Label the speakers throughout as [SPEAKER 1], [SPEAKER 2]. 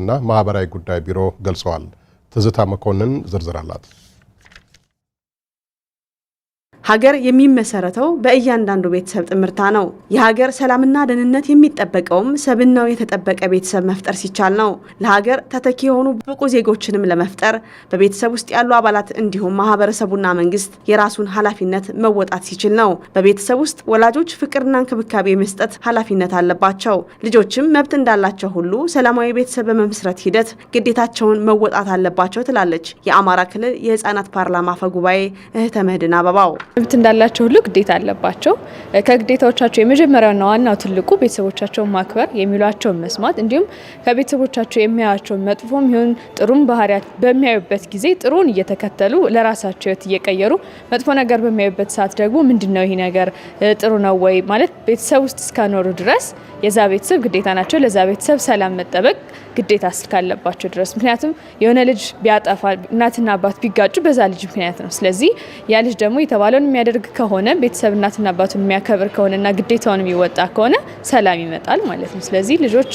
[SPEAKER 1] እና ማህበራዊ ጉዳይ ቢሮ ገልጸዋል። ትዝታ መኮንን ዝርዝር አላት።
[SPEAKER 2] ሀገር የሚመሰረተው በእያንዳንዱ ቤተሰብ ጥምርታ ነው። የሀገር ሰላምና ደህንነት የሚጠበቀውም ሰብናው የተጠበቀ ቤተሰብ መፍጠር ሲቻል ነው። ለሀገር ተተኪ የሆኑ ብቁ ዜጎችንም ለመፍጠር በቤተሰብ ውስጥ ያሉ አባላት እንዲሁም ማህበረሰቡና መንግስት የራሱን ኃላፊነት መወጣት ሲችል ነው። በቤተሰብ ውስጥ ወላጆች ፍቅርና እንክብካቤ መስጠት ኃላፊነት አለባቸው። ልጆችም መብት እንዳላቸው ሁሉ ሰላማዊ ቤተሰብ በመመስረት ሂደት ግዴታቸውን መወጣት አለባቸው ትላለች የአማራ ክልል የህፃናት ፓርላማ አፈ ጉባኤ እህተ ምህድን አበባው።
[SPEAKER 3] መብት እንዳላቸው ሁሉ ግዴታ አለባቸው። ከግዴታዎቻቸው የመጀመሪያውና ዋናው ትልቁ ቤተሰቦቻቸውን ማክበር፣ የሚሏቸውን መስማት እንዲሁም ከቤተሰቦቻቸው የሚያያቸውን መጥፎም ይሁን ጥሩም ባህሪያት በሚያዩበት ጊዜ ጥሩን እየተከተሉ ለራሳቸው ሕይወት እየቀየሩ መጥፎ ነገር በሚያዩበት ሰዓት ደግሞ ምንድን ነው ይህ ነገር ጥሩ ነው ወይ ማለት ቤተሰብ ውስጥ እስካኖሩ ድረስ የዛ ቤተሰብ ግዴታ ናቸው። ለዛ ቤተሰብ ሰላም መጠበቅ ግዴታ እስካለባቸው ድረስ ምክንያቱም የሆነ ልጅ ቢያጠፋ እናትና አባት ቢጋጩ በዛ ልጅ ምክንያት ነው። ስለዚህ ያ ልጅ ደግሞ የተባለው ነገርን የሚያደርግ ከሆነ ቤተሰብ እናትና አባቱን የሚያከብር ከሆነና ግዴታውን የሚወጣ ከሆነ ሰላም ይመጣል ማለት ነው። ስለዚህ ልጆች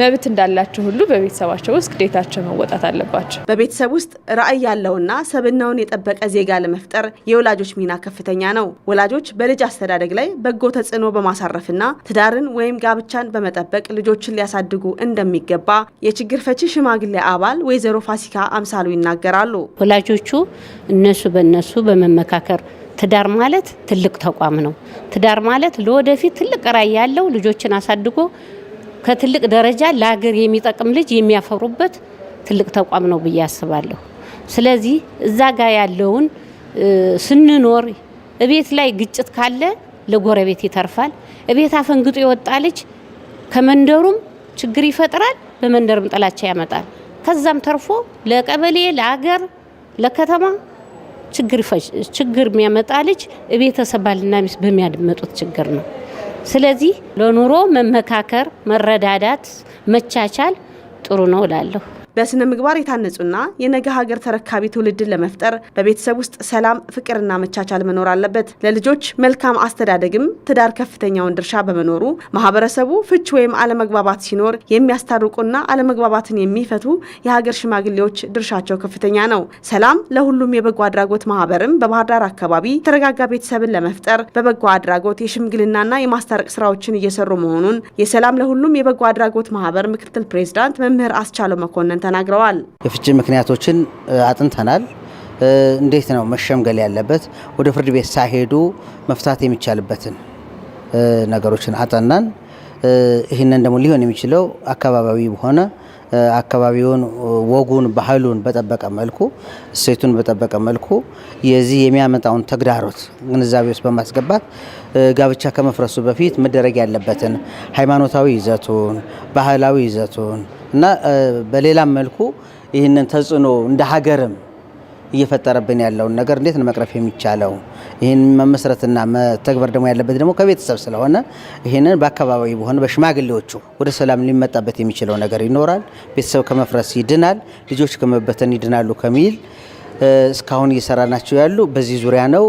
[SPEAKER 3] መብት እንዳላቸው ሁሉ በቤተሰባቸው ውስጥ ግዴታቸው መወጣት አለባቸው።
[SPEAKER 2] በቤተሰብ ውስጥ ራዕይ ያለውና ሰብናውን የጠበቀ ዜጋ ለመፍጠር የወላጆች ሚና ከፍተኛ ነው። ወላጆች በልጅ አስተዳደግ ላይ በጎ ተጽዕኖ በማሳረፍና ትዳርን ወይም ጋብቻን በመጠበቅ ልጆችን ሊያሳድጉ እንደሚገባ የችግር ፈቺ ሽማግሌ አባል ወይዘሮ ፋሲካ አምሳሉ ይናገራሉ።
[SPEAKER 4] ወላጆቹ እነሱ በነሱ በመመካከር ትዳር ማለት ትልቅ ተቋም ነው። ትዳር ማለት ለወደፊት ትልቅ ራዕይ ያለው ልጆችን አሳድጎ ከትልቅ ደረጃ ለሀገር የሚጠቅም ልጅ የሚያፈሩበት ትልቅ ተቋም ነው ብዬ አስባለሁ። ስለዚህ እዛ ጋር ያለውን ስንኖር እቤት ላይ ግጭት ካለ ለጎረቤት ይተርፋል። እቤት አፈንግጦ የወጣ ልጅ ከመንደሩም ችግር ይፈጥራል፣ በመንደርም ጥላቻ ያመጣል። ከዛም ተርፎ ለቀበሌ፣ ለአገር ለከተማ ችግር ችግር የሚያመጣ ልጅ ቤተሰብ ባልና ሚስት በሚያድመጡት ችግር ነው። ስለዚህ ለኑሮ መመካከር፣ መረዳዳት፣ መቻቻል ጥሩ ነው እላለሁ።
[SPEAKER 2] በስነ ምግባር የታነጹና የነገ ሀገር ተረካቢ ትውልድን ለመፍጠር በቤተሰብ ውስጥ ሰላም፣ ፍቅርና መቻቻል መኖር አለበት። ለልጆች መልካም አስተዳደግም ትዳር ከፍተኛውን ድርሻ በመኖሩ ማህበረሰቡ ፍች ወይም አለመግባባት ሲኖር የሚያስታርቁና አለመግባባትን የሚፈቱ የሀገር ሽማግሌዎች ድርሻቸው ከፍተኛ ነው። ሰላም ለሁሉም የበጎ አድራጎት ማህበርም በባህር ዳር አካባቢ የተረጋጋ ቤተሰብን ለመፍጠር በበጎ አድራጎት የሽምግልናና የማስታረቅ ስራዎችን እየሰሩ መሆኑን የሰላም ለሁሉም የበጎ አድራጎት ማህበር ምክትል ፕሬዚዳንት መምህር አስቻለው መኮንን ተናግረዋል።
[SPEAKER 5] የፍቺ ምክንያቶችን አጥንተናል። እንዴት ነው መሸምገል ያለበት? ወደ ፍርድ ቤት ሳይሄዱ መፍታት የሚቻልበትን ነገሮችን አጠናን። ይህንን ደግሞ ሊሆን የሚችለው አካባቢያዊ በሆነ አካባቢውን ወጉን፣ ባህሉን በጠበቀ መልኩ እሴቱን በጠበቀ መልኩ የዚህ የሚያመጣውን ተግዳሮት ግንዛቤ ውስጥ በማስገባት ጋብቻ ከመፍረሱ በፊት መደረግ ያለበትን ሃይማኖታዊ ይዘቱን፣ ባህላዊ ይዘቱን እና በሌላም መልኩ ይህንን ተጽዕኖ እንደ ሀገርም እየፈጠረብን ያለውን ነገር እንዴት ነው መቅረፍ የሚቻለው? ይህን መመስረትና መተግበር ደግሞ ያለበት ደግሞ ከቤተሰብ ስለሆነ ይህንን በአካባቢ በሆነ በሽማግሌዎቹ ወደ ሰላም ሊመጣበት የሚችለው ነገር ይኖራል። ቤተሰብ ከመፍረስ ይድናል፣ ልጆች ከመበተን ይድናሉ ከሚል እስካሁን ናቸው ያሉ በዚህ ዙሪያ ነው።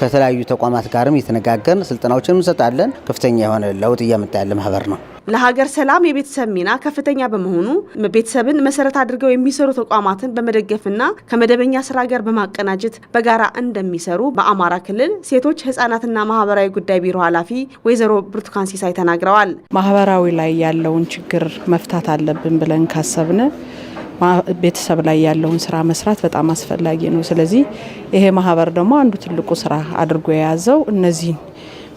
[SPEAKER 5] ከተለያዩ ተቋማት ጋርም እየተነጋገርን ስልጠናዎችን እንሰጣለን። ከፍተኛ የሆነ ለውጥ እያመጣ ያለ ማህበር ነው።
[SPEAKER 2] ለሀገር ሰላም የቤተሰብ ሚና ከፍተኛ በመሆኑ ቤተሰብን መሰረት አድርገው የሚሰሩ ተቋማትን በመደገፍና ከመደበኛ ስራ ጋር በማቀናጀት በጋራ እንደሚሰሩ በአማራ ክልል ሴቶች ህጻናትና ማህበራዊ ጉዳይ ቢሮ ኃላፊ ወይዘሮ ብርቱካን ሲሳይ ተናግረዋል።
[SPEAKER 6] ማህበራዊ ላይ ያለውን ችግር መፍታት አለብን ብለን ካሰብን ቤተሰብ ላይ ያለውን ስራ መስራት በጣም አስፈላጊ ነው። ስለዚህ ይሄ ማህበር ደግሞ አንዱ ትልቁ ስራ አድርጎ የያዘው እነዚህን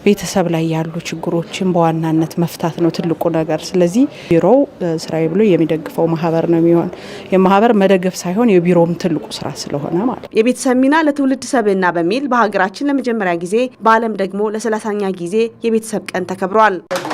[SPEAKER 6] ቤተሰብ ላይ ያሉ ችግሮችን በዋናነት መፍታት ነው ትልቁ ነገር። ስለዚህ ቢሮው ስራዬ ብሎ የሚደግፈው ማህበር ነው የሚሆን የማህበር መደገፍ ሳይሆን የቢሮውም ትልቁ ስራ ስለሆነ ማለት
[SPEAKER 2] የቤተሰብ ሚና ለትውልድ ሰብዕና በሚል በሀገራችን ለመጀመሪያ ጊዜ በዓለም ደግሞ ለሰላሳኛ ጊዜ የቤተሰብ ቀን ተከብሯል።